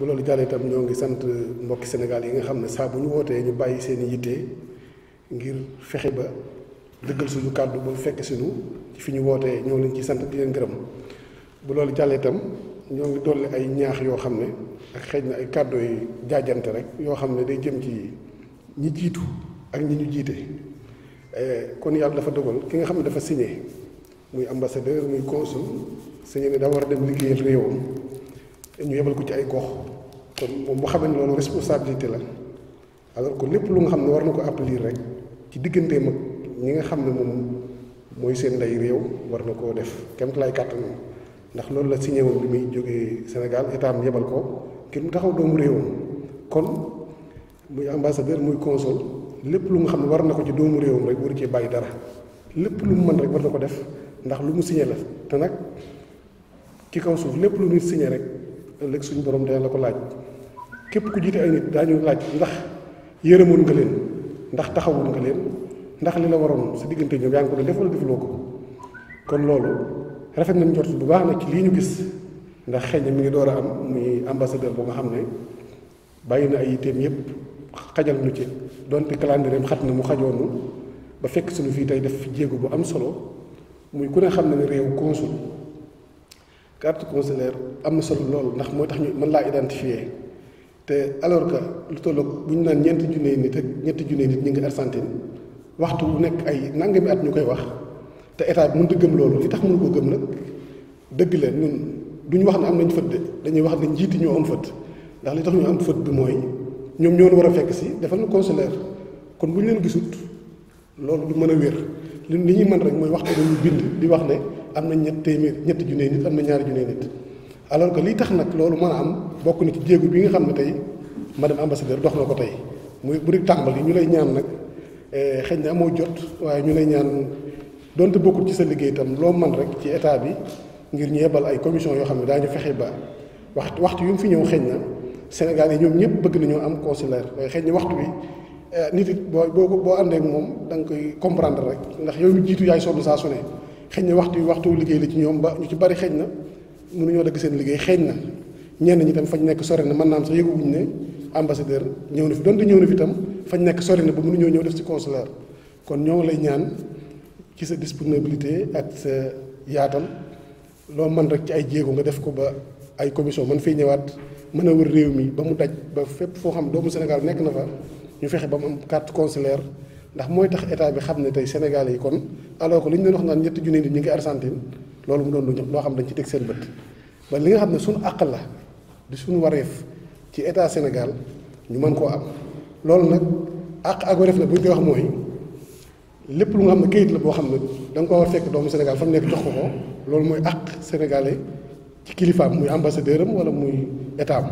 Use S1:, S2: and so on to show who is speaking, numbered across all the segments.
S1: bu loolu jàllee itam ñoo ngi sant mbokki Sénégal yi nga xam ne saa bu ñu wootee ñu bàyyi seen i yitte ngir fexe ba dëggal suñu kàddu ba fekk suñu ci fi ñu wootee ñoo leen ci sant di leen bu loolu jàllee itam ñoo ngi dolli ay ñaax yoo xam ne ak xëy na ay kàddu yi jaajante rek yoo xam ne day jëm ci ñi jiitu ak ñi ñu jiite eh, kon yàlla dafa dogal ki nga xam ne dafa signé muy ambassadeur muy consul signé ne daa war a dem liggéeyal réewam dañu yebal ko ci ay gox kon moom mu xamee ne loolu responsabilité la alors que lépp lu nga xam ne war na ko appeler rek ci digganteem ak ñi nga xam ne moom mooy seen ndey réew war na koo def kéem lay kàttanam ndax loolu la siñe woon bi muy jógee Sénégal état yebal ko ngir mu taxaw doomu réewam kon muy ambassadeur muy consul lépp lu nga xam ne war na ko ci doomu réewam rek waru cee bàyyi dara lépp lu mu mën rek war na ko def ndax lu mu signé la te nag ci kaw suuf lépp lu nit signé rek. ëllëg suñu borom dana la ko laaj képp ku jiite ay nit daañu laaj ndax yërëmoon nga leen ndax taxawoon nga leen ndax li la waroon si diggante ñoom yaa ngi ko doon def defuloo ko kon loolu rafet nañ njort bu baax nag ci lii ñu gis ndax xëy na mi ngi door a am muy ambassadeur bu nga xam ne bàyyi na ay yitteem yépp xajal nu ci donte calendrier xat na mu xajoonu ba fekk suñu fii tey def jéego bu am solo muy ku ne xam ne ne réew consul carte consulaire am na solo loolu ndax mooy tax ñu mën laa identifier te alors que lu tolloog bu ñu naan ñeenti junne nit ak ñetti junne nit ñu ngi Argentine waxtu bu nekk ay nangami at ñu koy wax te état mun mënut gëm loolu li tax mënu ko gëm nag dëgg la du ñu wax ne am nañ fët de dañuy wax ne njiiti ñoo am fët ndax li tax ñu am fët bi mooy ñoom ñoo war a fekk si defal na consulaire kon bu ñu leen gisut loolu du mën a wér li ñuy mën rek mooy waxtu dañu di wax ne. am na ñett téeméer ñetti junne nit am na ñaari junne nit alors que li tax nag loolu mën a am bokk na ci jéego bi nga xam ne tey madame ambassadeur dox na ko tey muy bu di tàmbali ñu lay ñaan nag eh, xëy na amoo jot waaye ñu lay ñaan donte bokkul ci sa liggéey itam loo man rek ci état bi ngir ñu yebal ay commission yoo xam ne daa daañu fexee ba waxtu waxtu yu mu fi ñëw xëy na Sénégal yi ñoom ñëpp bëgg nañoo am consulaire waaye xëy na waxtu bi eh, nit it boo boo boo àndee moom danga koy comprendre rek ndax yow mi jiitu yaay sonn saa su xëy na waxtu waxtu liggéey la ci ñoom ba ñu ci bari xëy na mënuñoo dëgg seen liggéey xëy na ñeen ñi tam fañ nekk sore na mën naa am sax yëguwuñ ñëw na fi donte ñëw na fi fañ nekk sore na ba mënuñoo ñëw def ci consulaire kon ñoo lay ñaan ci sa disponibilité ak sa yaatal loo mën rek ci ay jéego nga def ko ba ay commission man fii ñëwaat mën a wër réew mi ba mu daj ba fépp foo xam doomu Sénégal nekk na fa ñu fexe ba mu am carte consulaire ndax mooy tax état bi xam ne tey Sénégalais yi kon alors que li ñu ne wax naan ñetti junni nit ñu ngi Argentine loolu mu doon lu loo xam dañ ci teg seen bët ba li nga xam ne sunu àq la di suñu wareef ci état Sénégal ñu mën koo am loolu nag àq ak wareef la bu ñu koy wax mooy lépp lu nga xam ne kayit la boo xam ne danga nga ko war fekk doomu Sénégal fa nekk jox ko ko loolu mooy àq sénégalais ci kilifaam muy ambassadeur am wala muy état am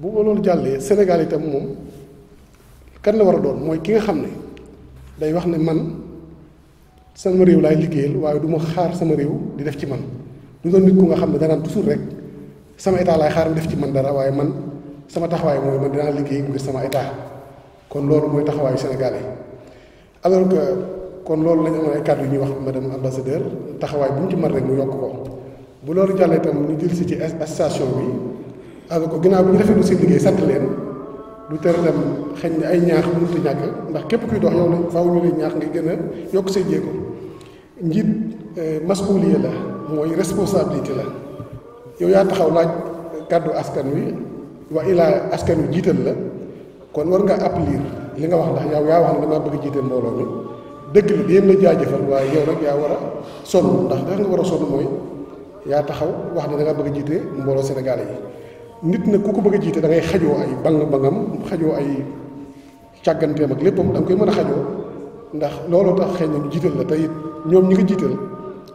S1: bu loolu jàllee Sénégal moom kan la war doon mooy ki nga xam ne. day wax ne man sama réew laay liggéeyal waaye du ma xaar sama réew di def ci man du doon nit ku nga xam ne danaan toujours rek sama état laay xaar mu def ci man dara waaye man sama taxawaay mooy man dinaa liggéey ngir sama état kon loolu mooy taxawaayu sénégalais alors que kon loolu lañ amoon ay kàddu yu ñuy wax madame ambassadeur taxawaay bu ñu ci mën rek mu yokk ko bu loolu jàllee tam ñu jël si ci station bi alors que ginnaaw bi ñu rafetlu seen liggéey sant leen. lu tër dem xëy na ay ñaax mënut ñàkk ndax képp kuy dox yow la faaw ñu lay ñaax nga gën a yokk say jéego njiit euh, masuuliya la mooy responsabilité la yow yaa taxaw laaj kàddu askan wi wa ilaa askan wi jiital la kon war nga appeler li nga wax ndax yow yaa wax ne damaa bëgg jiital mbooloo mi dëkk bi yéen la jaajëfal waaye yow nag yaa war a sonn ndax da nga war a sonn mooy yaa taxaw wax ne da nga bëgg jiite mbooloo Sénégal yi. nit na ku ko bëgg jiite da ngay xajoo ay bang-bangam xajoo ay càgganteem ak léppam da koy mën a xajoo ndax looloo tax xëy na ñu jiital la tey ñoom ñi nga jiital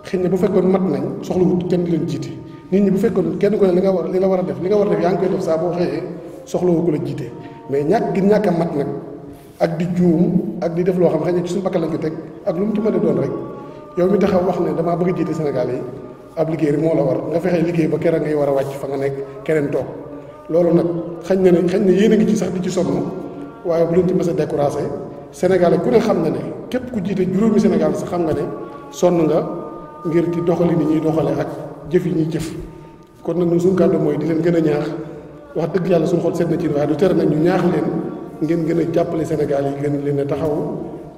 S1: xëy na bu fekkoon mat nañ soxlawut kenn di leen jiite nit ñi bu fekkoon kenn ku ne li nga war li la war a def li nga war a def yaa ngi koy def saa xëyee soxlawu ko la jiite mais ñàkk gi ñàkk mat nag ak di juum ak di def loo xam xëy na ci suñu bakkan lañ ko teg ak lu mu ci mën doon rek yow mi taxaw wax ne damaa bëgg a jiite Sénégal ab liggéey rek moo la war nga fexe liggéey ba keroog ngay war a wàcc fa nga nekk keneen toog loolu nag xañ na ne xañ ne yéen a ngi ci sax di ci sonn waaye bu leen ci mës a découragé Sénégal ku ne xam na ne képp ku jiite juróomi Sénégal sax nga ne sonn nga ngir ci doxali ni ñuy doxale ak jëf yi ñuy jëf kon nag ñun suñu kàddu mooy di leen gën a ñaax wax dëgg yàlla suñu xol seet na ci waaye du tere nag ñu ñaax leen ngeen gën a jàppale Sénégal yi leen leen a taxaw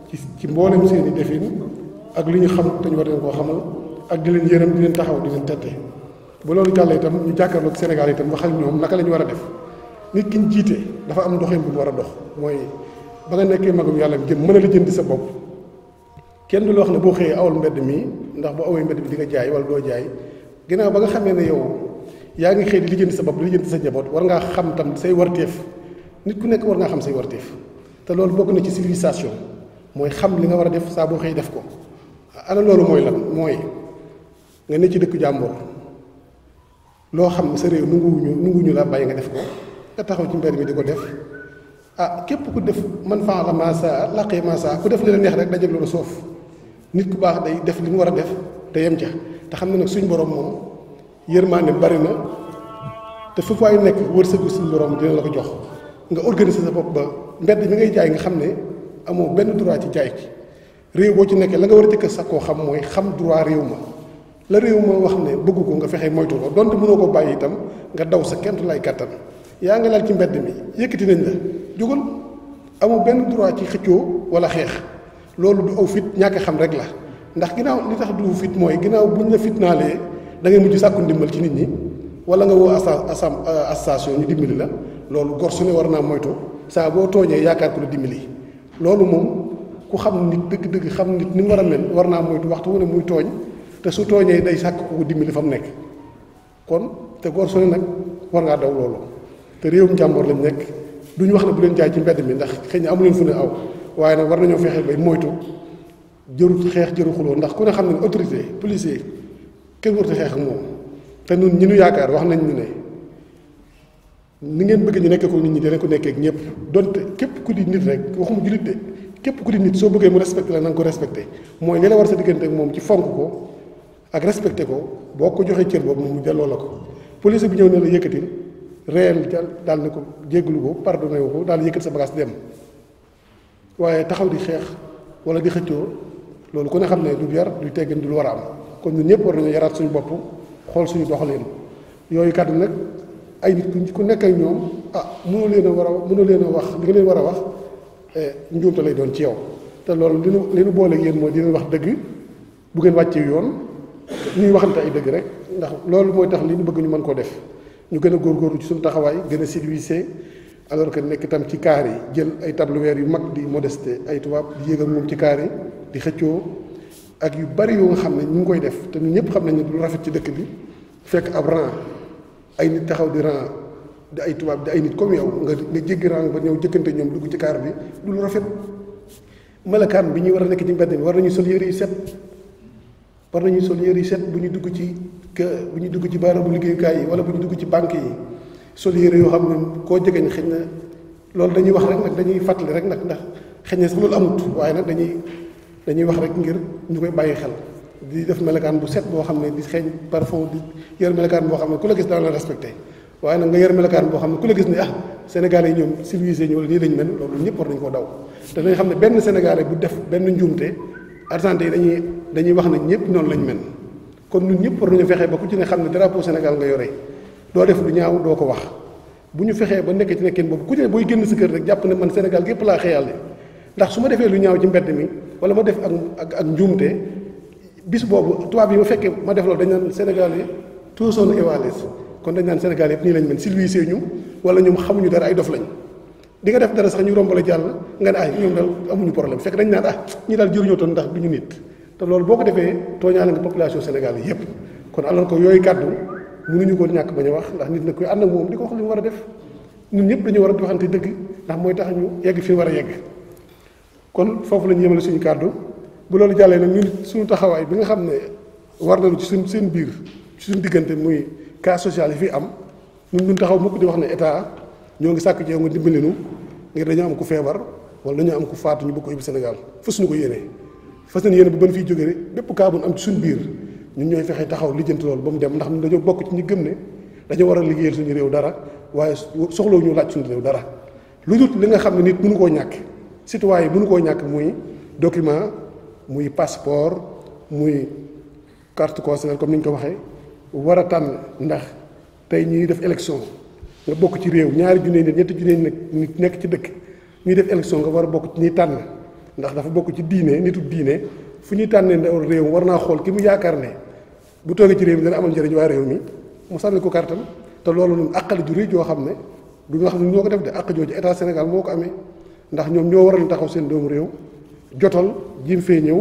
S1: ci ci mboolem seen i defin ak li ñu xam dañu ñu war leen koo xamal ak di leen yërëm di leen taxaw di leen tette bu loolu jàll itam ñu jàkkaarloog Sénégal itam wax ak ñoom naka la ñu war a def nit ki ñu jiite dafa am doxin bu war a dox mooy ba nga nekkee magum yàlla jëm mën a lijjanti sa bopp kenn du la wax ne boo xëyee awal mbedd mi ndax bu awee mi di nga jaay wala doo jaay ginnaaw ba nga xamee ne yow yaa ngi xëy di sa bopp di lijjanti sa njaboot war ngaa xam tam say warteef nit ku nekk war ngaa xam say warteef te loolu bokk na ci civilisation mooy xam li nga war def saa boo xëy def ko ana loolu mooy mooy nga ne ci dëkk jàmboo loo xam ne sa réew nunguwuñu nunguwuñu la bàyyi nga def ko nga taxaw ci mbedd mi di ko def ah képp ku def man faa la masa laqee masa ku def li la neex rek dajeg loolu soof nit ku baax day def li mu war a def te yem ca te xam ne nag suñ borom moom yërmaande bari na te fu waay nekk wërsëgu suñ borom dina la ko jox nga organiser sa bopp ba mbedd mi ngay jaay nga xam ne amoo benn droit ci jaay ci réew boo ci nekkee la nga war a jëkk sa koo xam mooy xam droit réew ma la réew ma wax ne bëggu ko nga fexe moytu ko donte mënoo ko bàyyi itam nga daw sa kent lay kàttan yaa ngi laal ci mbedd mi yëkkati nañ la jógal amul benn droit ci xëccoo wala xeex loolu du aw fit ñàkk xam rek la ndax ginnaaw li tax du fit mooy ginnaaw buñ la fitnaalee da ngay mujj sàkku ndimbal ci nit ñi wala nga woo asa asam association ñu dimbali la loolu gor su ne war naa moytu saa boo tooñee yaakaar ko la dimbali loolu moom ku xam nit dëgg-dëgg xam nit ni mu war a mel war naa moytu waxtu wu ne muy tooñ. te su tooñee day sàkk ko dimbali fa mu nekk kon te góor su ne nag war ngaa daw loolu te réewum jàmbur lañ nekk duñu wax ne bu leen jaay ci mbedd mi ndax xëy na amu leen fu ne aw waaye nag war nañoo fexe bay moytu jëru xeex jëru xuloo ndax ku ne xam ne autorité policier kenn warut a xeex moom te ñun ñi ñu yaakaar wax nañ ñu ne ni ngeen bëgg ñu nekk ko nit ñi dina ko nekkee ak ñëpp donte képp ku di nit rek waxuma jullit de képp ku di soo bëggee mu respecté la na ko respecté mooy li la war sa diggante ak moom ci fonk ko ak respecté ko boo ko joxee cër boobu mu delloo la ko police bi ñëw ne la yëkkatil réel daal ne ko jéggalu ko pardonné wu ko daal yëkkati sa bagage dem waaye taxaw di xeex wala di xëccoo loolu ku ne xam ne du yar du teggin du lu war a am kon ñun ñëpp war nañu yaraat suñu bopp xool suñu leen yooyu kàddu nag ay nit ku nekk ak ñoom ah mënoo leen war a mënoo leen a wax li nga leen war a wax eh, njuumte lay doon ci yow te loolu li nu li nu booleeg yéen mooy di wax dëgg bu ngeen wàccee yoon. ñuy waxante ay dëgg rek ndax loolu mooy tax li ñu bëgg ñu mën koo def ñu gën a góorgóorlu ci suñu taxawaay gën a civilisé alors que nekk itam ci kaar yi jël ay tablier yu mag di modeste ay tubaab di yéeg moom ci kaar di xëccoo ak yu bari yoo xam ne ñu ngi koy def te ñun ñëpp xam nañu lu rafet ci dëkk bi fekk ab rang nit taxaw di rang di ay tubaab di ay nit comme yow nga nga jéggi rang ba ñëw jëkkante ñoom dugg ci kaar bi du lu rafet. melokaan bi ñuy war a nekk ci mbedd mi war nañu sol yére yu set war nañu sol yére yi set bu ñu dugg ci kë bu dugg ci baarabu liggéeyukaay yi wala bu ñu dugg ci banque yi sol yére yoo xam ne koo jegeñ xëy na loolu dañuy wax rek nag dañuy fàttali rek nag ndax xëy na sax loolu amut waaye nag dañuy dañuy wax rek ngir ñu koy bàyyi xel di def melokaan bu set boo xam ne di xeeñ parfum di yor melokaan boo xam ne ku la gis daan la respecté waaye nag nga yor melokaan boo xam ne ku la gis ne ah sénégalais yi ñoom civilisé ñu wala nii lañ mel loolu ñëpp war nañ koo daw te dañ xam ne benn sénégalais bu def benn njuumte argentin yi dañuy dañuy wax ne ñëpp noonu lañ mel kon ñun ñëpp war nañu fexee ba ku ci ne xam ne drapeau Sénégal nga yore doo def lu ñaaw doo ko wax bu ñu fexee ba nekk ci nekkin boobu ku ci ne booy génn sa kër rek jàpp ne man Sénégal gépp laa xëyaale ndax su ma defee lu ñaaw ci mbedd mi wala ma def ak ak ak njuumte bis boobu tubaab yi ma fekkee ma def loolu dañ naan Sénégal yi tous sont égalés kon dañ naan Sénégal yëpp nii lañ mel civilisé ñu wala ñoom xamuñu dara ay dof lañ di nga def dara sax ñu rombale jàll nga ne ay ah, ñoom daal amuñu problème fekk dañ naan ah ñi daal jëriñoo toon ndax du ñu nit te loolu boo ko defee tooñaale nga population Sénégal yépp kon alors ko yooyu kàddu mënuñu ko ñàkk bañ a wax ndax nit na koy ànd ak moom ko wax a def ñëpp dañu war a waxante dëgg ndax mooy tax ñu yegg fi war a yegg kon foofu la ñu yemale suñu kàddu bu loolu jàllee nag ñun suñu taxawaay bi nga xam ne war nañu ci suñu seen biir ci suñu diggante muy cas social yi fi am ñun ñun taxaw mukk di wax ne état ñoo ngi sàkk ci yow nga dimbali nu ngir dañoo am ku feebar wala dañu am ku faatu ñu bëgg ko yóbbu Sénégal fas suñu ko yéene fas nañ yéene bu bën fiy jógee bépp cas bu am ci suñu biir ñun ñooy fexe taxaw lijjanti loolu ba mu dem ndax dañoo bokk ci ñu gëm ne dañoo war a liggéeyal suñu réew dara waaye soxlawu ñu laaj suñu réew dara lu dul li nga xam ne nit mënu koo ñàkk citoyen mënu koo ñàkk muy document muy passeport muy carte consulaire comme ni ñu ko waxee war a tànn ndax tey ñuy def élection nga bokk ci réew ñaari junne nit ñetti junne nit nekk ci dëkk ñuy def élection nga war a bokk ci ñuy tànn ndax dafa bokk ci diine nitu diine fu ñuy tànnee ndaw réew war naa xool ki mu yaakaar ne bu toogee ci réew mi dana amal njëriñ waa réew mi mu sànni ko kartam te loolu noonu àqali ju rëy joo xam ne du ñu wax ne ñoo ko def de àq jooju état Sénégal moo ko amee ndax ñoom ñoo waral taxaw seen doomu réew jotal jiim fee ñëw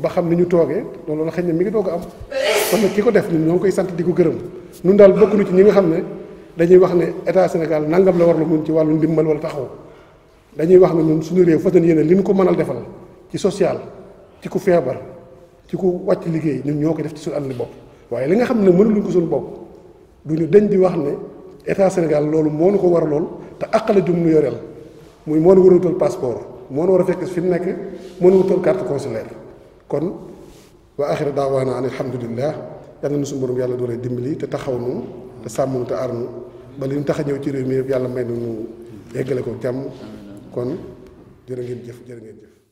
S1: ba xam ni ñu toogee loolu la xëy na mi ngi doog a am kon nag ki ko def ñun ñoo ngi koy sant di ko gërëm ñun daal bokk na ci ñi nga xam ne dañuy wax ne état Sénégal nangam la war la mun ci wàllu ndimbal wala taxaw dañuy wax ne ñun suñu réew fas yéene li ñu ko mënal defal ci social ci ku feebar ci ku wàcc liggéey ñun ñoo ko def ci suñu àll bopp waaye li nga xam ne mënuluñ ko suñu bopp du ñu deñ di wax ne état Sénégal loolu moo nu ko war lool te àqale jum nu yoreel muy moo nu war a wutal passeport moo nu war a fekk fi mu nekk moo nu wutal carte consulaire kon wa axira daawaana an alhamdulillah yàlla na suñu borom yàlla doole dimbali te taxaw nu te sàmm nu te aar nu ba li ñu tax a ñëw ci réew mi yëpp yàlla may na mu yeggale ko jàmm kon jërë ngeen jëf jërë ngeen jëf